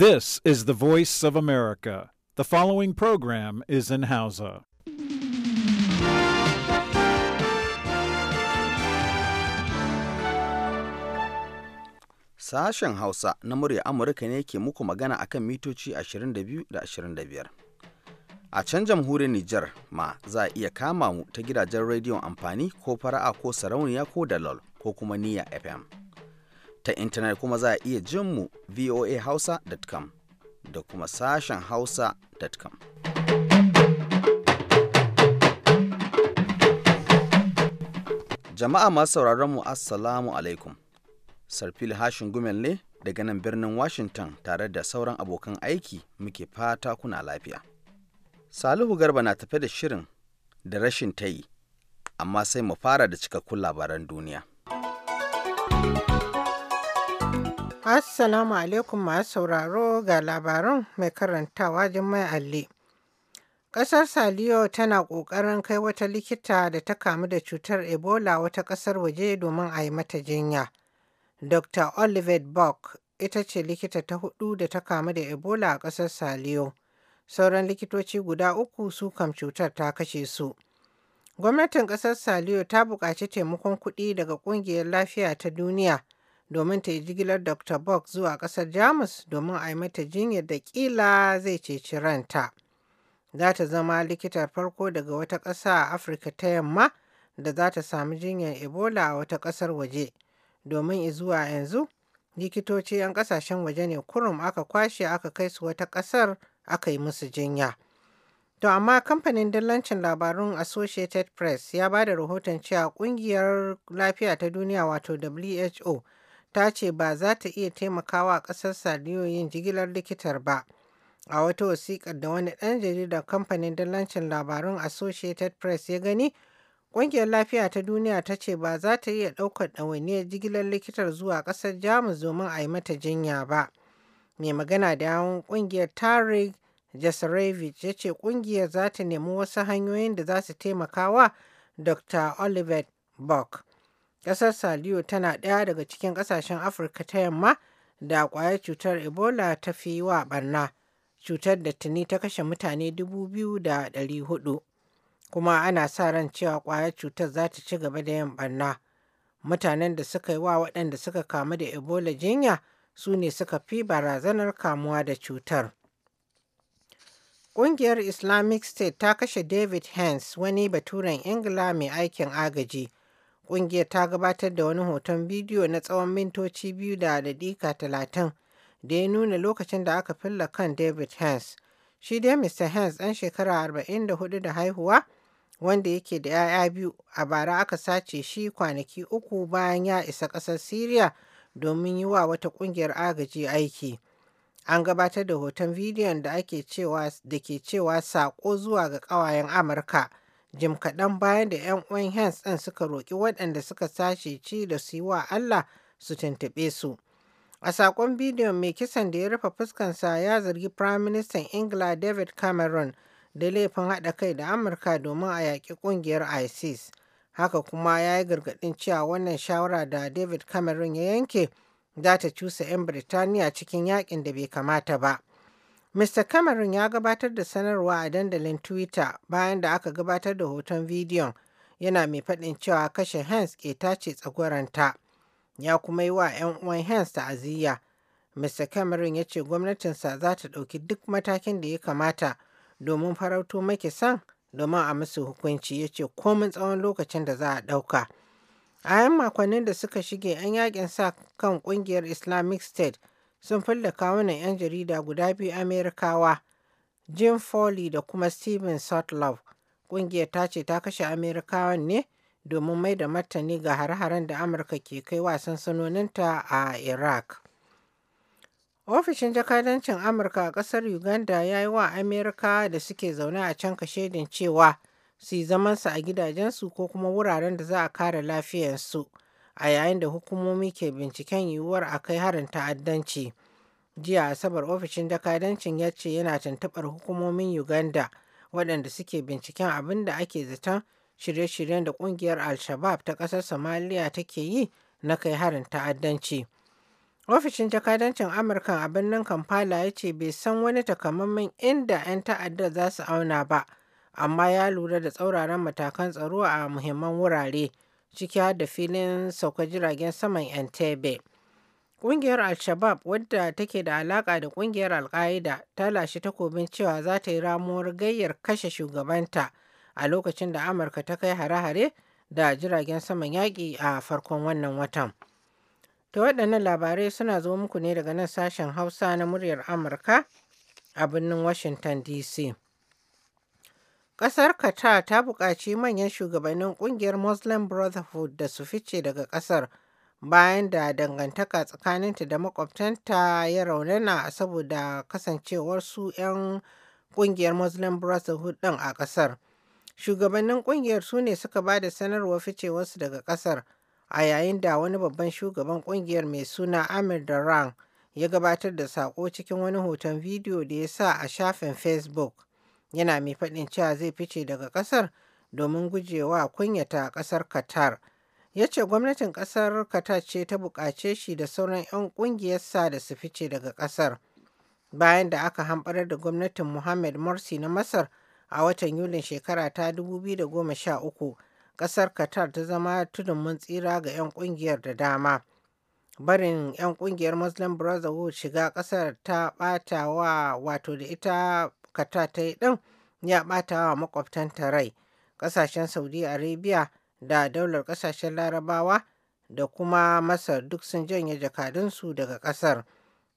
This is the voice of America. The following program is in Hausa. Sashen Hausa na murya Amurka ne ke muku magana akan mitoci 22 da 25. A can jamhuriyar Nijar ma za a iya kama mu ta gidajen rediyon amfani ko fara'a ko sarauniya ko dalol ko kuma niya FM. ta intanet kuma za a iya jin mu voahausa.com da kuma sashen hausa.com. Jama'a masu sauraron mu Assalamu alaikum. Sarfil Hashin Gumel ne daga nan birnin Washington tare da sauran abokan aiki muke fata kuna lafiya. Salihu Garba na tafe da shirin da rashin ta yi, amma sai mu fara da cikakkun labaran duniya. Assalamu alaikum masu sauraro ga labaran mai karantawa Jummai Alli. Ƙasar Saliyo tana ƙoƙarin kai wata likita da ta kamu da cutar Ebola wata ƙasar waje domin a yi mata jinya. Dr. Olivet Bock ita ce likita ta hudu da ta kamu da Ebola a ƙasar Saliyo. Sauran likitoci guda uku su kam cutar ta kashe su. Gwamnatin ƙasar Saliyo ta buƙaci taimakon kuɗi daga ƙungiyar lafiya ta duniya domin ta yi jigilar Dr. box zuwa ƙasar Jamus domin a yi mata jinyar da ƙila zai ceci ranta. Za ta zama likitar farko daga wata ƙasa a Afirka ta yamma da za ta sami jinyar Ebola a wata ƙasar waje. Domin zuwa yanzu, likitoci 'yan ƙasashen waje ne kurum aka kwashe aka kai su wata ƙasar aka yi musu jinya. To amma kamfanin dillancin labarun Associated Press ya ba da rahoton cewa ƙungiyar lafiya ta duniya wato WHO ta ce ba za ta iya taimakawa ƙasar Saliyo yin jigilar likitar ba. A wata wasiƙar da wani ɗan jaridar kamfanin Dalancin labarun Associated Press ya gani, Ƙungiyar Lafiya ta Duniya ta ce ba za ta iya ɗaukar ɗawainiyar jigilar likitar zuwa ƙasar Jamus domin a yi mata jinya ba. Mai magana da yawon ƙungiyar Tarik Jasarevich ya ce ƙungiyar za ta nemi wasu hanyoyin da za su taimakawa Dr. Olivet Bock. Ƙasar Saliyo tana ɗaya daga cikin ƙasashen Afirka ta yamma da ƙwayar cutar Ebola ta fi wa barna, cutar da tuni ta kashe mutane dubu biyu da ɗari hudu. Kuma ana sa ran cewa ƙwayar cutar za ta ci gaba da yin barna. Mutanen da suka yi wa waɗanda suka kamu da Ebola jinya su ne suka fi barazanar kamuwa da cutar. Ƙungiyar Islamic State ta kashe David Hens wani baturen Ingila mai aikin agaji. Ƙungiyar ta gabatar da wani hoton bidiyo na tsawon mintoci biyu da daƙiƙa talatin da ya nuna lokacin da aka filla kan David hans Shi dai Mr. hans ɗan shekara 44 da haihuwa wanda yake da 'ya'ya biyu a bara aka sace shi kwanaki uku bayan ya isa ƙasar Siriya domin yi wa wata ƙungiyar agaji aiki. An gabatar da hoton bidiyon da ake ke cewa saƙo zuwa ga ƙawayen Amurka. jim kaɗan bayan da 'yan uwan Hans ɗin suka roƙi waɗanda suka sashe ci da su yi wa Allah su tuntuɓe su. A saƙon bidiyon mai kisan da ya rufe fuskansa ya zargi Firaministan Ingila David Cameron da laifin haɗa kai da Amurka domin a yaƙi ƙungiyar ISIS. Haka kuma ya yi gargaɗin cewa wannan shawara da David Cameron ya yanke za ta cusa 'yan Birtaniya cikin yaƙin da bai kamata ba. Mr. Cameron ya gabatar da sanarwa a dandalin Twitter bayan da aka gabatar da hoton bidiyon yana mai faɗin cewa kashe Hans ke tace tsagwaranta. Ya kuma yi wa 'yan uwan Hans ta'aziyya. Mr. Cameron ya ce gwamnatinsa za ta ɗauki duk matakin da ya kamata domin farauto makisan domin a musu hukunci ya ce komin tsawon lokacin da za a ɗauka. A 'yan makonnin da suka shige 'yan yakin sa kan ƙungiyar Islamic State sun fallaka mana 'yan jarida guda biyu Amerikawa, Jim Foley da kuma Stephen Sutcliffe. kungiyar ta ce ta kashe Amerikawan ne domin mai da martani ga hare-haren da Amurka ke kai wa sanoninta a Iraq. Ofishin jakadancin Amurka a ƙasar Uganda ya yi wa Amerika da suke zaune a can kashedin cewa su yi zamansa a gidajensu ko kuma wuraren da za a kare lafiyarsu. a yayin da hukumomi ke binciken yiwuwar a kai harin ta'addanci. Jiya Asabar ofishin jakadancin ya ce yana tuntuɓar hukumomin Uganda waɗanda suke binciken abin da ake zaton shirye-shiryen da ƙungiyar Al-Shabaab ta ƙasar somaliya take yi na kai harin ta'addanci. Ofishin jakadancin Amurka a birnin Kampala ya ce bai san wani takamaiman inda 'yan ta'addar za su auna ba, amma ya lura da tsauraran matakan tsaro a muhimman wurare. ciki har da filin saukar jiragen saman Entebbe. Ƙungiyar Al-Shabab wadda take da alaƙa da ƙungiyar Al-Qaeda ta lashe takobin cewa za ta yi ramuwar gayyar kashe shugabanta a lokacin da Amurka ta kai hare-hare da jiragen saman yaƙi a farkon wannan watan. ta waɗannan labarai suna zo muku ne daga nan sashen Hausa na muryar Amurka a birnin Washington DC. Ƙasar Qatar ta buƙaci manyan shugabannin ƙungiyar Muslim Brotherhood da su fice daga ƙasar bayan da dangantaka tsakaninta da makwabtanta ya raunana saboda kasancewar su 'yan ƙungiyar Muslim Brotherhood ɗin a ƙasar. Shugabannin ƙungiyar su ne suka ba da sanarwar ficewarsu daga ƙasar a yayin da wani babban shugaban ƙungiyar mai suna Amir Daran ya gabatar da saƙo cikin wani hoton bidiyo da ya sa a shafin Facebook. yana mai faɗin cewa zai fice daga ƙasar domin gujewa kunyata ƙasar qatar ya ce gwamnatin ƙasar qatar ce ta buƙace shi da sauran 'yan ƙungiyarsa da su fice daga ƙasar bayan da aka hamɓarar da gwamnatin Mohammed Morsi na Masar a watan Yulin shekara ta 2013, ƙasar Qatar ta zama tudun mun tsira ga 'yan ƙungiyar da dama. Barin 'yan ƙungiyar Muslim Brotherhood shiga ƙasar ta ɓata wa wato da ita kata ta yi ɗin ya ɓata wa makwabtanta rai ƙasashen saudi arabia da daular ƙasashen larabawa da kuma masar duk sun janye jakadunsu daga ƙasar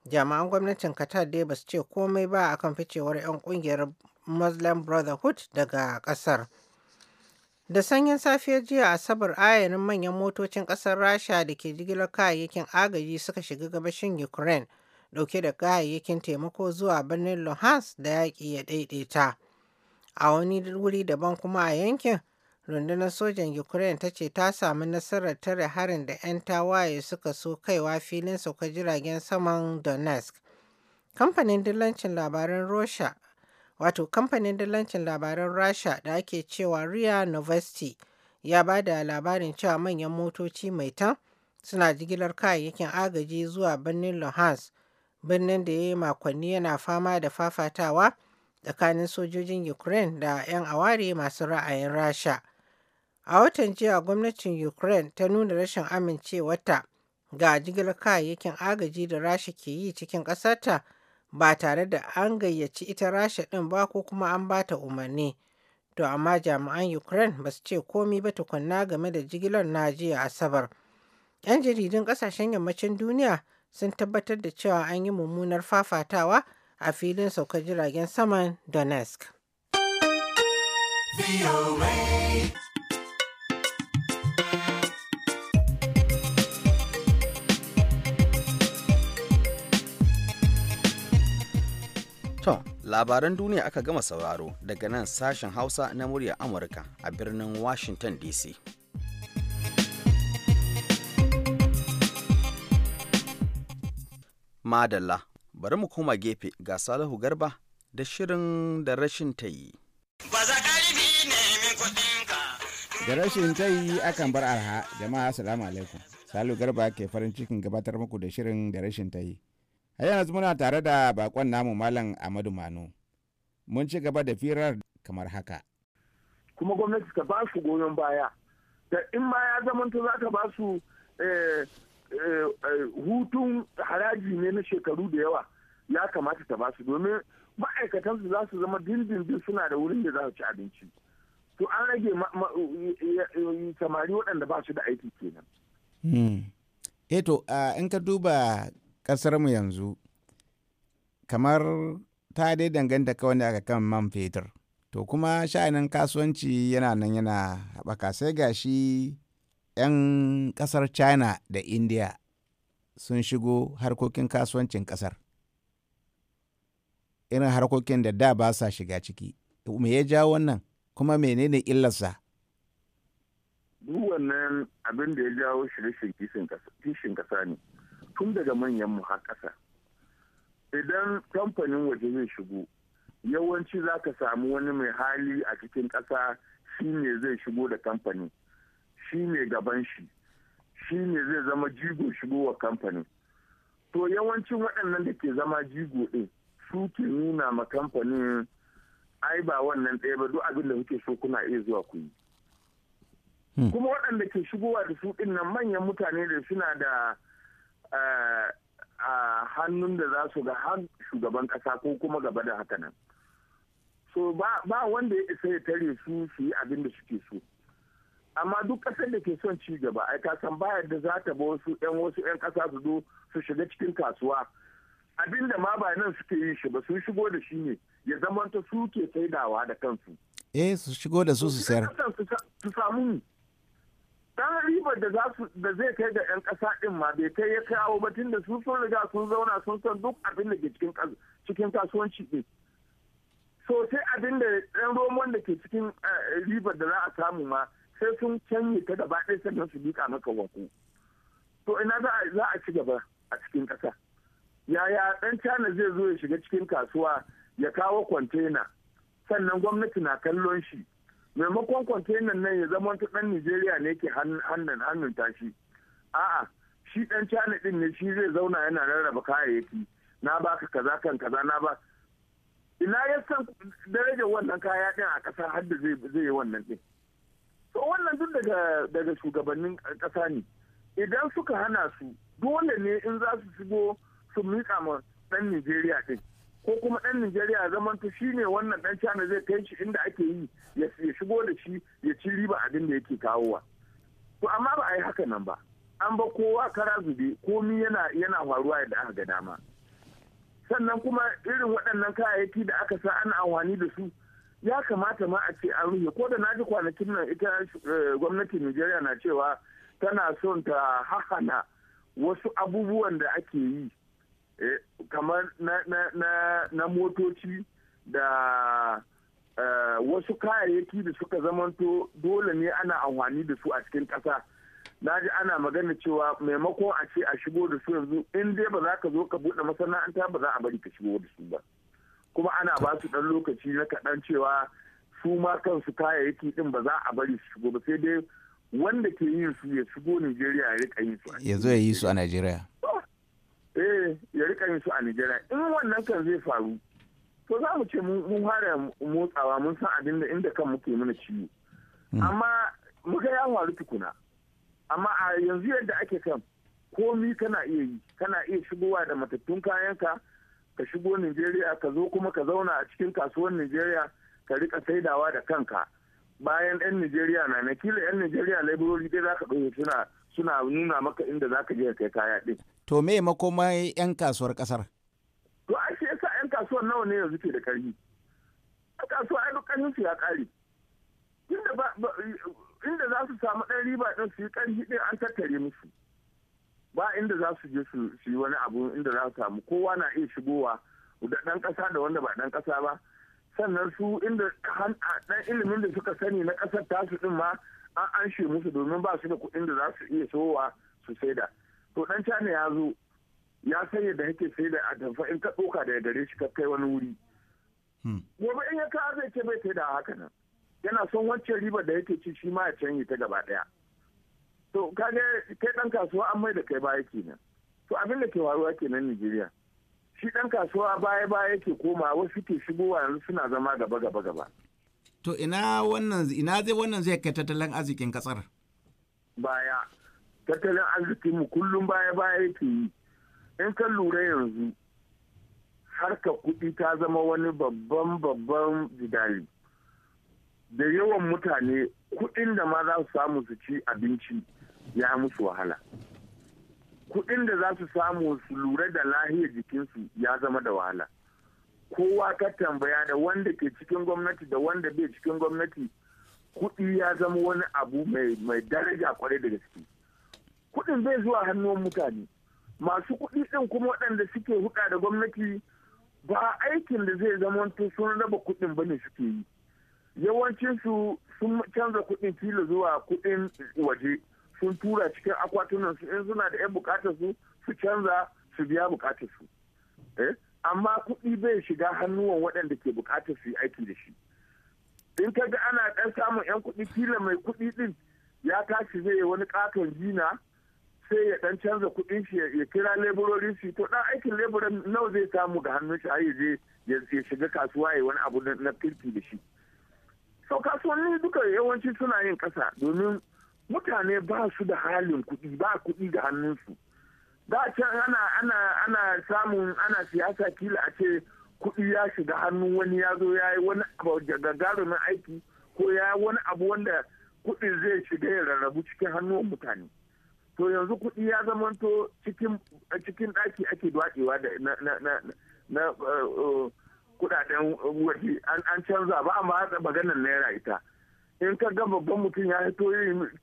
jama'an gwamnatin qatar dai ba su ce komai ba akan ficewar 'yan ƙungiyar muslim brotherhood daga ƙasar da sanyin safiyar jiya asabar ayarin manyan motocin ƙasar rasha da ke jigilar kayayyakin agaji suka shiga gabashin ukraine Dauke da kayayyakin taimako zuwa birnin Luhansk da yaƙi ya ɗaiɗaita. A wani wuri daban kuma a yankin, rundunar sojan Ukraine ta ce ta sami nasarar tare harin da 'yan tawaye suka so kaiwa filin sauka jiragen saman Donetsk. Kamfanin dillancin labaran Russia wato kamfanin dillancin labaran Rasha da ake cewa RIA Novosti ya ba da labarin cewa manyan motoci mai tan suna jigilar kayayyakin agaji zuwa birnin Luhansk birnin da ya yi makonni yana fama da fafatawa tsakanin sojojin ukraine da 'yan aware masu ra'ayin rasha a watan jiya gwamnatin ukraine ta nuna rashin amincewata ga jigilar kayayyakin agaji da rasha ke yi cikin ƙasarta ba tare da an gayyaci ita rasha ɗin ba ko kuma an ba ta umarni to amma jami'an ukraine ba su ce komi ba tukunna game da jigilar na jiya asabar 'yan jaridun ƙasashen yammacin duniya sun tabbatar da cewa an yi mummunar fafatawa a filin saukar jiragen saman Donetsk. To, labaran duniya aka gama sauraro daga nan sashen Hausa na murya Amurka a birnin Washington DC. Madalla, bari mu koma gefe ga Salihu Garba da shirin da rashin ta yi. Da rashin ta yi akan bar arha, jama'a salamu alaikum. Salihu Garba ke farin cikin gabatar muku da shirin da rashin ta yi. A yanzu muna tare da bakon namu Malam Amadu Manu. Mun ci gaba da firar kamar haka. Kuma gwamnati ta ba su goyon baya. Da in ma ya zamanta za ta ba su eh, Eh, eh, hutun haraji ne na shekaru da yawa ya kamata ta basu domin ma'aikatansu za su zama dindindin suna da wurin da za su ci abinci to an rage samari waɗanda ba su da aiki kenan. Hmm. eto eh in ka duba ƙasarmu yanzu kamar ta dai danganta kawai aka kan man fetur to kuma sha'anin kasuwanci yana nan yana haɓaka sai gashi 'yan kasar china da india sun shigo harkokin kasuwancin kasar irin harkokin da da ba sa shiga ciki me ya ja wannan kuma menene illarsa duk wannan abin da ya jawo shirishin kishin kasa ne tun daga manyan mu har kasa idan kamfanin waje zai shigo yawanci za ka samu wani mai hali a cikin ƙasa shine zai shigo da kamfanin shi ne gaban shi shi ne zai zama jigo shigowa kamfanin to yawancin waɗannan da ke zama jigo ɗin su ke nuna ma kamfanin ai ba wannan ɗaya ba duk abin da kuke so kuna iya zuwa ku yi hmm. kuma waɗanda ke shigowa da su ɗin nan manyan mutane da suna da eh, a hannun da za su ga har shugaban ƙasa ko kuma gaba da haka nan so ba wanda ya isa ya tare su su yi abin da suke so amma duk ƙasar da ke son ci gaba ai ka san bayar da za ta ba wasu yan wasu yan ƙasa su zo su shiga cikin kasuwa abin da ma ba nan suke yi shi ba sun shigo da shi ne ya zamanta su ke saidawa da kansu eh su shigo da su su sayar su samu dan ribar da da zai kai ga yan ƙasa din ma bai kai ya kawo ba tun da su sun riga sun zauna sun san duk abin da ke cikin cikin kasuwanci din so sai abin da ɗan roman da ke cikin eh, ribar da za a samu ma sai sun canye ta gaba ɗaya sannan su duka maka wako to ina za a ci gaba a cikin ƙasa yaya ɗan cana zai zo ya shiga cikin kasuwa ya kawo kwantena sannan gwamnati na kallon shi maimakon kwantenan nan ya zama ta ɗan Nijeriya ne ke hannun hannun tashi a'a shi ɗan cana ɗin ne shi zai zauna yana rarraba kayayyaki na baka kaza kan kaza na ba ina ya san darajar wannan kaya ɗin a ƙasa hadda zai yi wannan ɗin to wannan duk daga shugabannin ƙasa ne idan suka hana su dole ne in za su shigo su miƙa ma ɗan Nijeriya ɗin ko kuma ɗan Nijeriya zamanto shi ne wannan ɗan China zai kai shi inda ake yi ya shigo da shi ya ci riba abin da yake kawowa to amma ba a yi haka nan ba an ba kowa kara zube komi yana yana faruwa yadda aka ga dama sannan kuma irin waɗannan kayayyaki da aka sa ana amfani da su ya kamata ma a ce an rufe ko da na ji kwanakin nan ita eh, gwamnatin Nijeriya na cewa tana son ta hakana wasu abubuwan da ake yi eh, kamar na, motoci da eh, wasu kayayyaki da suka zamanto dole ne ana amfani da su a cikin ƙasa na ji ana magana cewa maimakon a ce a shigo da su yanzu in dai ba za ka zo ka buɗe masana'anta ba za a bari ka shigo da su ba. kuma ana ba su ɗan lokaci na kaɗan cewa su ma kansu kayayyaki ɗin ba za a bari su shigo ba sai dai wanda ke yin su ya shigo nigeria ya rika yin su. Ya zo ya yi su a Nijeriya. Eh ya rika yin su a Nijeriya in wannan kan zai faru to za mu ce mun fara motsawa mun san abin da inda kan muke mana ciwo. Hmm. Amma muka ya faru tukuna. Amma a yanzu yadda ake kan komi kana iya yi kana iya shigowa da matattun kayanka. ka ka shigo nigeria ka zo kuma ka zauna a cikin kasuwar nigeria ka rika saidawa da kanka bayan 'yan nigeria na na kila 'yan nigeria laiburori dai za ka ɗauke suna suna nuna maka inda za ka je kai kaya ɗin. To me makoma 'yan kasuwar ƙasar? To a ce yasa 'yan kasuwar nawa ne yanzu ke da karfi. A kasuwa ai dukkanin su ya ƙare. Inda za su samu ɗan riba ɗin su yi ƙarfi ɗin an tattare musu. ba inda za su je su yi wani abu inda za su samu kowa na iya shigowa da ɗan ƙasa da wanda ba ɗan ƙasa ba sannan su inda ɗan ilimin da suka sani na ƙasar tasu ɗin ma an shi musu domin ba su da kuɗin da za su iya sowa su saida to ɗan cana ya zo ya san yadda yake saida a tamfa in ka ɗauka da gare shi ka kai wani wuri hmm. gobe in ya ka zai ce bai saida haka nan yana son wancan ribar da yake ci shi ma ya canji ta gaba ɗaya to kaga kai dan kasuwa an mai da kai baya kenan to abin da ke faruwa kenan Nigeria shi dan kasuwa baya baya yake koma wasu ke shigowa yanzu suna zama gaba gaba gaba to ina wannan ina zai wannan zai kai tattalin arzikin kasar baya tattalin arzikin mu kullum baya baya yake yi in kan lura yanzu harka kuɗi ta zama wani babban babban jidali da yawan mutane kuɗin da ma za su samu su ci abinci ya musu wahala kuɗin da za su samu su lura da lahiyar jikinsu ya zama da wahala kowa ka tambaya da wanda ke cikin gwamnati da wanda bai cikin gwamnati kuɗi ya zama wani abu mai daraja kwarai da gaske kuɗin zai zuwa hannun mutane masu kuɗi ɗin kuma waɗanda suke huɗa da gwamnati ba aikin da zai zama sun raba kuɗin ne suke yi yawancinsu sun canza kuɗin kilo zuwa kuɗin waje sun tura cikin akwatunan su in suna da 'yan bukatar su su canza su biya bukatar su eh? amma kuɗi bai shiga hannuwan waɗanda ke bukatar su yi aiki da shi in ka ga ana ɗan samun 'yan kuɗi kila mai kuɗi ɗin ya tashi zai yi wani ƙaton jina sai ya ɗan canza kuɗin shi ya kira leburori su to ɗan aikin leburan nawa zai samu ga hannun shi ayi je ya shiga kasuwa ya wani abu na kirki da shi sau kasuwanni duka yawanci suna yin ƙasa domin mutane ba su da halin kuɗi ba kuɗi da hannunsu da can ana ana ana samun ana siyasa kila a ce kuɗi ya shiga hannun wani ya zo ya yi wani abu gagarumin aiki ko ya yi wani abu wanda kuɗin zai shiga ya rarrabu cikin hannun mutane to yanzu kuɗi ya zamanto cikin cikin ɗaki ake dwaɗewa da na na na eh, eh, kuɗaɗen waje an canza ba amma maganar naira ita in ka ga babban mutum ya hito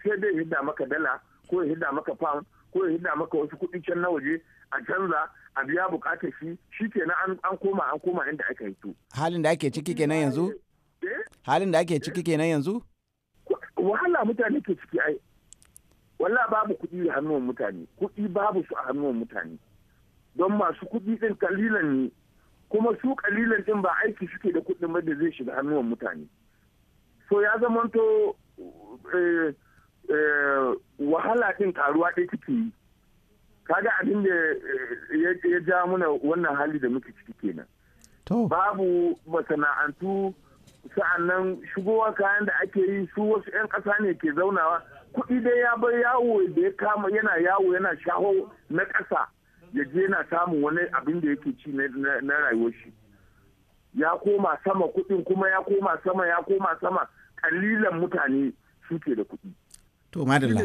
sai dai hidda maka dala ko ya hidda maka pound ko ya hidda maka wasu kuɗi can na waje a canza a biya bukatar shi shi kenan an koma an koma inda aka hito. Halin da ake ciki kenan yanzu? Eh? Halin da ake ciki kenan yanzu? Wahala mutane ke ciki ai. Walla babu kuɗi a hannun mutane, kuɗi babu su a hannun mutane. Don masu kuɗi ɗin kalilan ne, kuma su kalilan ɗin ba aiki suke da kuɗin da zai shiga hannun mutane. to ya zamanto eh, eh, wahala ɗin karuwa ɗaya ciki yi kaga abin da eh, ya ja muna wannan hali da muke ciki kenan babu masana'antu sa'annan shigowa kayan da ake yi su wasu 'yan ƙasa ne ke zaunawa kuɗi dai ya bar yawo da ya kama yana yawo yana shaho na ƙasa ya je yana samun wani abin da yake ci na rayuwar shi ya koma sama kuɗin kuma ya koma sama ya koma sama kalilan mutane suke da kuɗi. To madalla.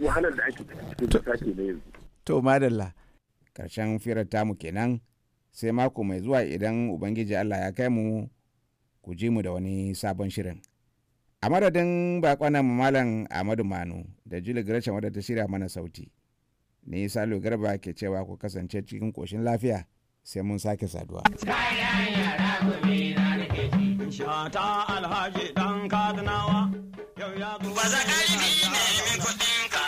wahalar da ake ke na To madalla. Karshen firar tamu kenan sai mako mai zuwa idan Ubangiji Allah ya kai mu ku ji mu da wani sabon shirin. A madadin bakwana malam Ahmadu Manu da Juli Gresham wadda ta shirya mana sauti. Ni Salo Garba ke cewa ku kasance cikin koshin lafiya sai mun sake saduwa. Shata alhaji sarkin yau ya zo ba zakarfi nemin kuɗinka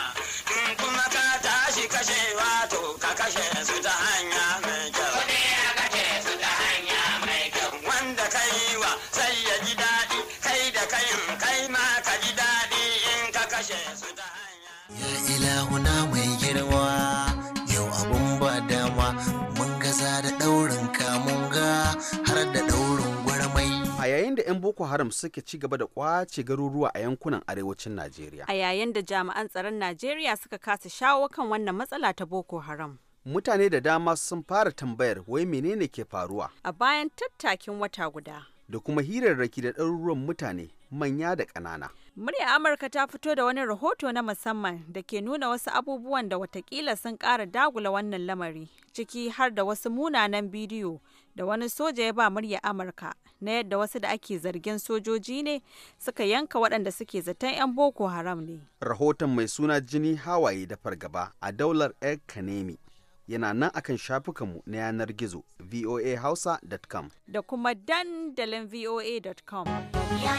in kuma ka tashi kashe wato ka kashe su ta hanya mai kyau wanda ka yi wa sai ya ji daɗi kai da kai kai ma ka ji daɗi in ka kashe su ta hanya ya ilahun yayin da 'yan boko haram suke ci gaba da kwace garuruwa a yankunan arewacin najeriya a yayin da jami'an tsaron najeriya suka kasa shawo kan wannan matsala ta boko haram mutane da dama sun fara tambayar wai menene ke faruwa a bayan tattakin wata guda da kuma hirarraki da ɗaruruwan mutane manya da ƙanana. Murya Amurka ta fito da wani rahoto na musamman da ke nuna wasu abubuwan da watakila sun ƙara dagula wannan lamari, ciki har da wasu munanan bidiyo da wani soja ya ba murya Amurka na yadda wasu da ake zargin sojoji ne suka yanka waɗanda suke zaton 'yan boko haram ne rahoton mai suna jini hawaye da fargaba a daular el kanemi yana nan akan shafukanmu na yanar gizo voahausa.com da kuma dandalin voa.com ya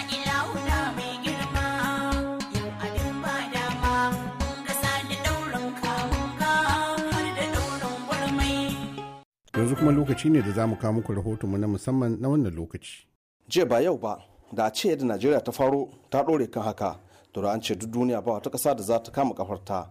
yanzu kuma lokaci ne da za mu kawo muku mu na musamman na wannan lokaci jiya ba yau ba da a ce yadda najeriya ta faro ta ɗore kan haka to da an ce duk duniya ba wata ƙasa da za ta kama kafarta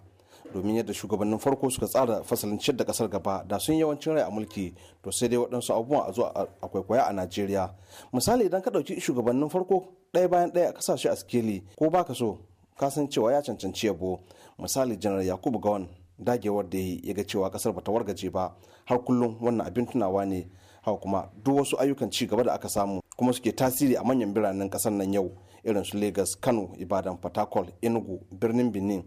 domin yadda shugabannin farko suka tsara fasalin ciyar da kasar gaba da sun yawancin rai a mulki to sai dai waɗansu abubuwa a zuwa a kwaikwaya a najeriya misali idan ka ɗauki shugabannin farko ɗaya bayan ɗaya a kasashe a sikeli ko baka so ka san cewa ya cancanci yabo misali janar yakubu gawan dagewar da ya ga cewa kasar bata wargaje ba har kullum wannan abin tunawa ne haka kuma duk wasu ayyukan ci gaba da aka samu kuma suke tasiri a manyan biranen kasar nan yau irin su Lagos, Kano, Ibadan, Fatakwal, Enugu, birnin Benin.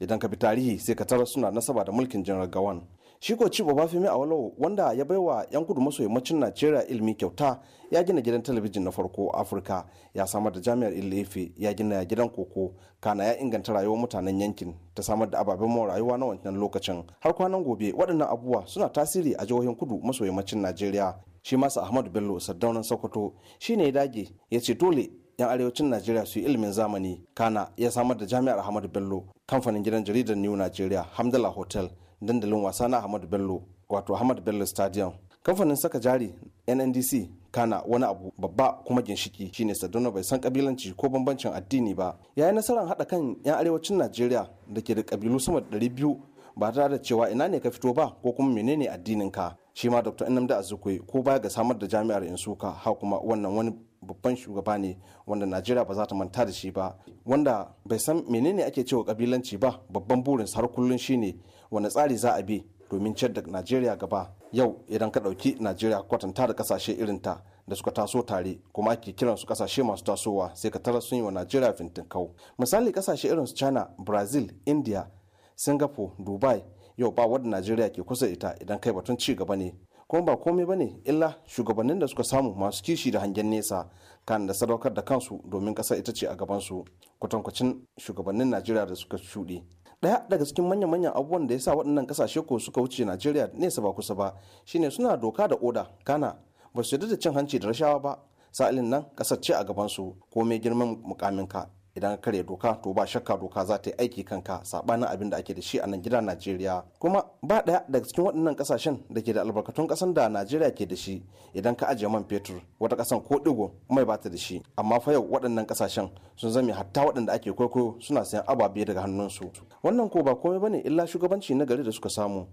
Idan ka bi tarihi sai ka tarar suna nasaba da mulkin General Gawan. shi ko ci obafemi a walau wanda ya bai wa yan kudu maso yammacin najeriya ilimi kyauta ya gina gidan talabijin na farko afirka ya samar da jami'ar ilefe ya gina gidan koko kana ya inganta rayuwar mutanen yankin ta samar da ababen mawa rayuwa na wancan lokacin har kwanan gobe waɗannan abubuwa suna tasiri a jihohin kudu maso yammacin najeriya shi masa ahmadu bello sardaunan sokoto shi ne ya dage ya ce dole 'yan arewacin najeriya su yi ilimin zamani kana ya samar da jami'ar ahmadu bello kamfanin gidan jaridar new nigeria hamdala hotel dandalin wasa na ahmadu bello wato ahmadu bello stadium kamfanin saka jari nndc kana wani abu babba kuma ginshiki shine saduna bai san kabilanci ko bambancin addini ba yayi nasarar haɗa kan 'yan arewacin najeriya da ke da kabilu sama da 200 ba tare da cewa ina ne ka fito ba ko kuma menene addininka shi ma dr inamda azukwe ko baya ga samar da jami'ar insuka ha kuma wannan wani babban shugaba ne wanda najeriya ba za ta manta da shi ba wanda bai san menene ake cewa kabilanci ba babban burinsa har kullum shine wani tsari za a bi domin ciyar da najeriya gaba yau idan ka ɗauki najeriya kwatanta da ƙasashe ta da suka taso tare kuma ake kiran su kasashe masu tasowa sai ka tara sun yi wa najeriya fintinkau misali kasashe irin su china brazil india singapore dubai yau ba wadda najeriya ke kusa ita idan kai batun ci gaba ne kuma ba komai bane illa shugabannin da suka samu masu kishi da hangen nesa kan da sadaukar da kansu domin kasa ita ce a gabansu kwatankwacin shugabannin najeriya da suka shuɗe ɗaya daga cikin manya-manyan abubuwan da ya sa waɗannan kasashe ko suka wuce najeriya nesa ba kusa ba shine suna doka da oda kana ba su yarda da cin hanci da rashawa ba sa'ilin nan kasar ce a gabansu komai girman mukamin ka idan ka karya doka to ba shakka doka za ta yi aiki kanka sabanin abin da ake da shi a nan gida najeriya kuma ba daya daga cikin waɗannan kasashen da ke da albarkatun ƙasan da najeriya ke da shi idan ka ajiye man fetur wata ƙasan ko digo mai ba ta da shi amma fa yau waɗannan ƙasashen sun zame hatta waɗanda ake kwaikwayo suna sayan ababe daga hannunsu wannan ko ba komai bane illa shugabanci na gari da suka samu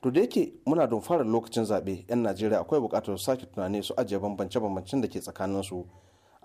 to da yake muna don fara lokacin zaɓe 'yan najeriya akwai buƙatar sake tunani su ajiye bambance-bambancen da ke tsakaninsu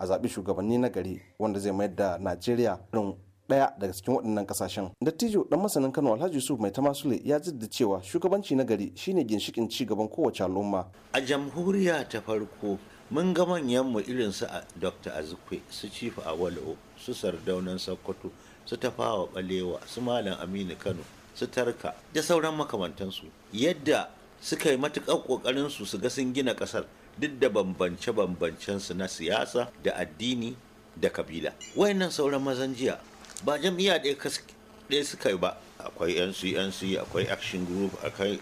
a zaɓi shugabanni na gari wanda zai mayar da najeriya irin ɗaya daga cikin waɗannan ƙasashen. Dattijo dan masanin Kano Alhaji Yusuf Mai Tamasule ya jidda cewa shugabanci na gari shine ginshikin ci gaban kowace al'umma. A jamhuriya ta farko mun ga mu irin su ah, a Dr. Azikwe, su Chief Awalo, su Sardaunan Sokoto, su Tafawa Balewa, su Malam Aminu Kano, su Tarka da sauran makamantansu. Yadda suka yi matuƙar ƙoƙarin su su ga sun gina ƙasar duk da bambance-bambancensu na siyasa da addini da kabila wayannan sauran mazan jiya ba jam'iyya ɗaya suka yi ba akwai ncnc akwai action group akwai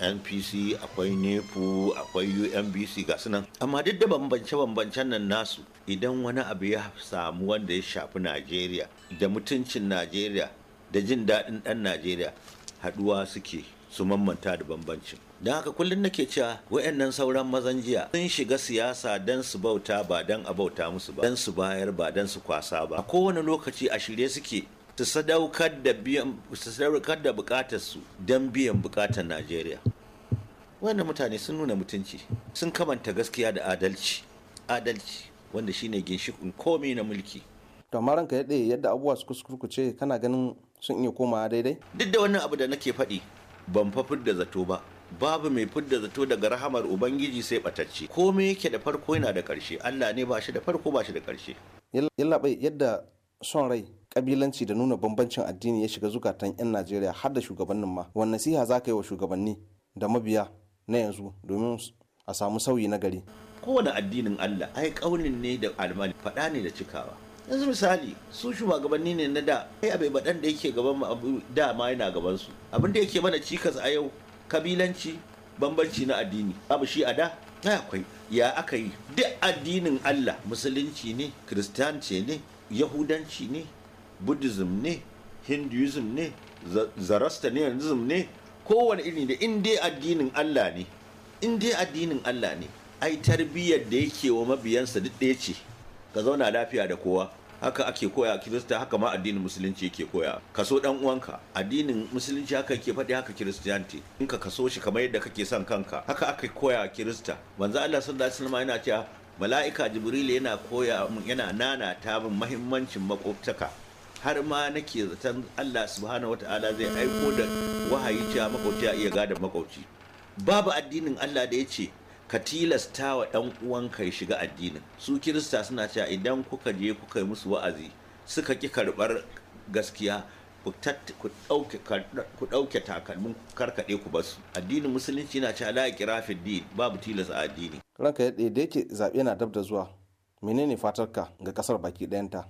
npc akwai nepu akwai umbc ga nan amma duk da bambance-bambancen nan nasu idan wani abu ya samu wanda ya shafi najeriya da mutuncin najeriya da jin daɗin ɗan najeriya haɗuwa suke su mammanta da bambancin don haka kullum nake cewa wayannan sauran mazan jiya sun shiga siyasa don su bauta ba don a bauta musu ba don su bayar ba don su kwasa ba a kowane lokaci a shirye suke su sadaukar da biyan su da don biyan bukatar Najeriya wannan mutane sun nuna mutunci sun kamanta gaskiya da adalci adalci wanda shine ginshikin komai na mulki to yadda abubuwa su kuskurkuce kana ganin sun iya komawa daidai duk da wannan abu da nake faɗi ban fafir da zato ba babu mai fidda zato daga rahamar ubangiji sai batacce komai yake da farko yana da karshe allah ne ba shi da farko ba shi da ƙarshe bai yadda son rai kabilanci da nuna bambancin addini ya shiga zukatan 'yan najeriya har da shugabannin ma wannan nasiha za ka yi wa shugabanni da mabiya na yanzu domin a samu sauyi na gari kowane addinin allah ai kaunin ne da almani faɗa ne da cikawa yanzu misali su shugabanni ne na da kai abai badan da yake gaban mu da ma yana gaban su abin da yake mana cikas a yau kabilanci bambanci na addini abu shi a da na akwai ya aka yi duk addinin Allah musulunci ne kiristanci ne yahudanci ne buddhism ne hinduism ne zarastanism ne kowane iri da in dai addinin Allah ne in dai addinin Allah ne ai tarbiyyar da yake wa mabiyansa duk ɗaya ce ka zauna lafiya da kowa haka ake koya kirista haka ma addinin musulunci yake koya kaso dan uwanka addinin musulunci haka yake faɗi haka kiristiyanti in ka kaso shi kamar yadda kake son kanka haka aka koya kirista manzo Allah sallallahu alaihi wasallam yana cewa mala'ika jibril yana koya yana nana ta bin mahimmancin makoftaka har ma nake zaton Allah subhanahu wataala zai aiko da wahayi cewa makwabci ya iya gada makwabci babu addinin Allah da ya ce ka tilasta wa ɗan uwanka ya shiga addinin su kirista suna cewa idan kuka je kuka yi musu wa'azi suka ki karɓar gaskiya ku ɗauke takalmin karkaɗe ku basu addinin musulunci na cewa la kira din babu tilasta a addini ranka ya da yake zaɓe na dab da zuwa menene fatarka ga kasar baki ɗayanta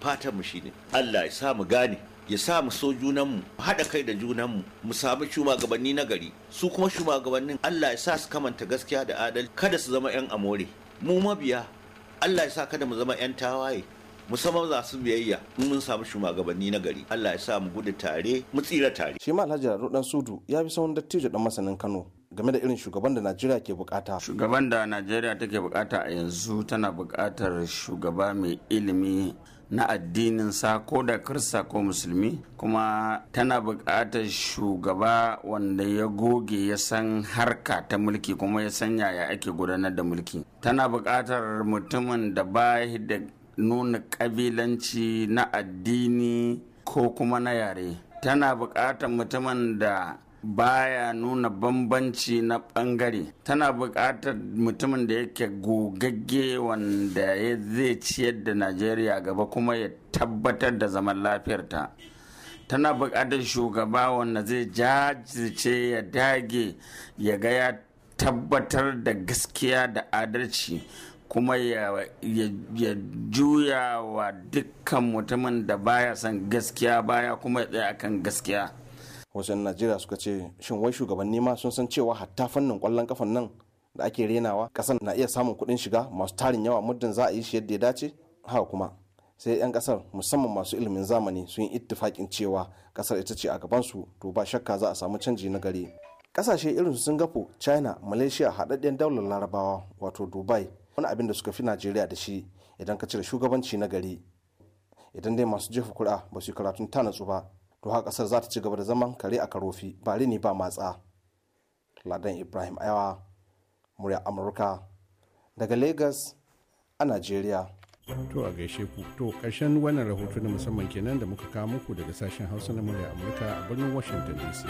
fatar mu shine Allah ya sa mu gane ya sa mu so junanmu mu haɗa kai da junanmu mu sami shugabanni na gari su kuma shugabannin Allah ya sa su kamanta gaskiya da adalci kada su zama 'yan amore mu mabiya Allah ya sa kada mu zama 'yan tawaye sama za su biyayya in mun samu shugabanni na gari Allah ya sa mu gudu tare mu tsira tare shi ma Alhaji Rado dan Sudu ya bi sahun dattijo dan masanin Kano game da irin shugaban da Najeriya ke bukata shugaban da Najeriya take bukata a yanzu tana bukatar shugaba mai ilimi na addinin sa ko da kirista ko musulmi kuma tana buƙatar shugaba wanda ya goge ya san harka ta mulki kuma ya san yaya ake gudanar da mulki tana buƙatar mutumin da ba da nuna kabilanci na addini ko kuma na yare tana buƙatar mutumin da baya nuna bambanci na bangare tana buƙatar mutumin da yake gogagge wanda ya zai ciyar da najeriya gaba kuma ya tabbatar da zaman lafiyarta tana buƙatar shugaba wanda zai jajirce ya dage ya ga ya tabbatar da gaskiya da adalci kuma ya, juya wa dukkan mutumin da baya son gaskiya baya kuma ya tsaya akan gaskiya wasu 'yan najeriya suka ce shin wai shugabanni ma sun san cewa hatta fannin kwallon kafan nan da ake renawa kasar na iya samun kuɗin shiga masu tarin yawa muddin za a yi shi yadda ya dace haka kuma sai 'yan kasar musamman masu ilimin zamani sun yi ittifakin cewa kasar ita ce a gabansu to ba shakka za a samu canji na gari kasashe irin su singapore china malaysia haɗaɗɗen daular larabawa wato dubai wani abin da suka fi najeriya da shi idan ka cire shugabanci na gari idan dai masu jefa kura ba su yi karatun tanatsu ba to ha kasar za ta ci gaba da zaman kare a karofi ba rini ba matsa ladan ibrahim ayawa murya amurka daga lagos a nigeria. to a gaishe ku to karshen wannan rahoto na musamman kenan da muka kawo muku daga sashen hausa na murya amurka a birnin washington dc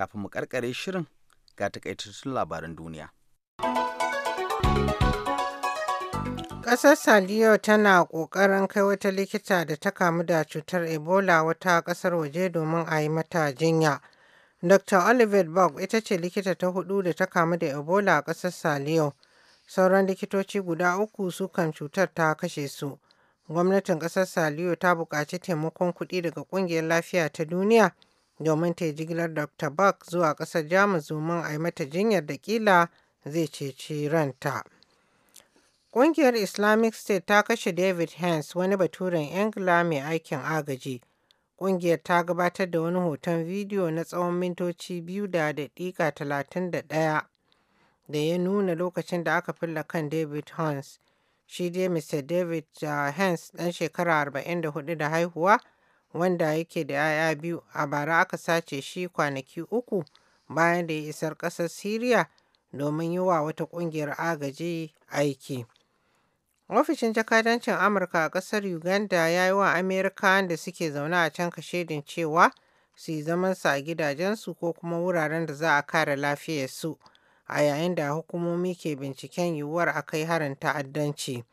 kafin mu karkare shirin ga takaitattun labaran duniya. Ƙasar Saliyo tana ƙoƙarin kai wata likita da ta kamu da cutar Ebola wata ƙasar waje domin a yi mata jinya. Dr. Oliver Bob ita ce likita ta hudu da ta kamu da Ebola a ƙasar Saliyo. Sauran likitoci guda uku su kan cutar ta kashe su. Gwamnatin ƙasar Saliyo ta buƙaci taimakon kuɗi daga ƙungiyar lafiya ta duniya domin ta yi jigilar Dr. Bach zuwa ƙasar Jamus domin a yi mata jinyar da ƙila zai ceci ranta. Ƙungiyar Islamic State ta kashe David Hens wani baturen Ingila mai aikin agaji. Ƙungiyar ta gabatar da wani hoton bidiyo na tsawon mintoci biyu da daƙiƙa talatin da ɗaya da ya nuna lokacin da aka filla kan David Hens. Shi dai Mr. David uh, Hens ɗan shekara 44 da haihuwa wanda yake da 'ya'ya biyu a bara aka sace shi kwanaki uku bayan da ya isar ƙasar Siriya domin yi wa wata ƙungiyar agaji aiki. Ofishin jakadancin Amurka a ƙasar Uganda ya yi wa Amerikawan da suke zaune a can kashedin cewa su yi su a gidajensu ko kuma wuraren da za a kare lafiyarsu a yayin da hukumomi ke binciken yiwuwar a kai harin ta'addanci.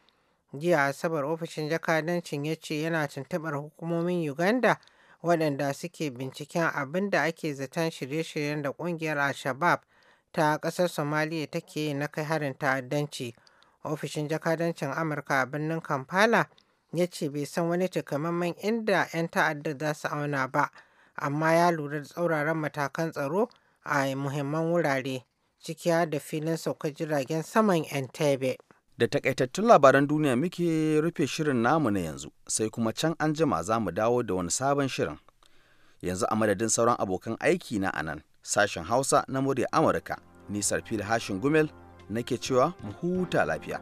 jiya asabar ofishin jakadancin ya ce yana tuntuɓar hukumomin uganda waɗanda suke binciken abin da ake zaton shirye-shiryen da ƙungiyar al-shabab ta ƙasar somaliya take na kai harin ta'addanci ofishin jakadancin amurka a birnin kampala ya ce bai san wani takamaiman inda 'yan ta'addar za su auna ba amma ya lura da tsauraran matakan tsaro a muhimman wurare ciki da filin sauka jiragen saman entebbe Da takaitattun labaran duniya muke rufe shirin namu na yanzu, sai kuma can an jima za mu dawo da wani sabon shirin. Yanzu a madadin sauran abokan aiki na anan, sashen Hausa na murya Amurka, nisar fil hashin gumel nake cewa mu huta lafiya.